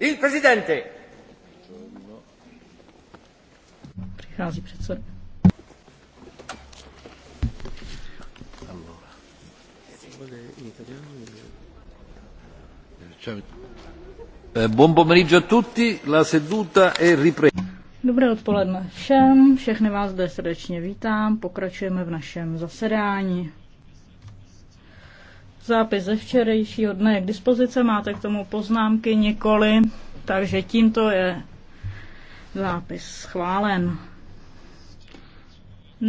Il presidente. Přichází předseda. Allora. Eh, buon pomeriggio a tutti, la seduta è ripresa. Dobré odpoledne všem, všechny vás zde srdečně vítám, pokračujeme v našem zasedání. Zápis ze včerejšího dne je k dispozici, máte k tomu poznámky nikoli, takže tímto je zápis schválen.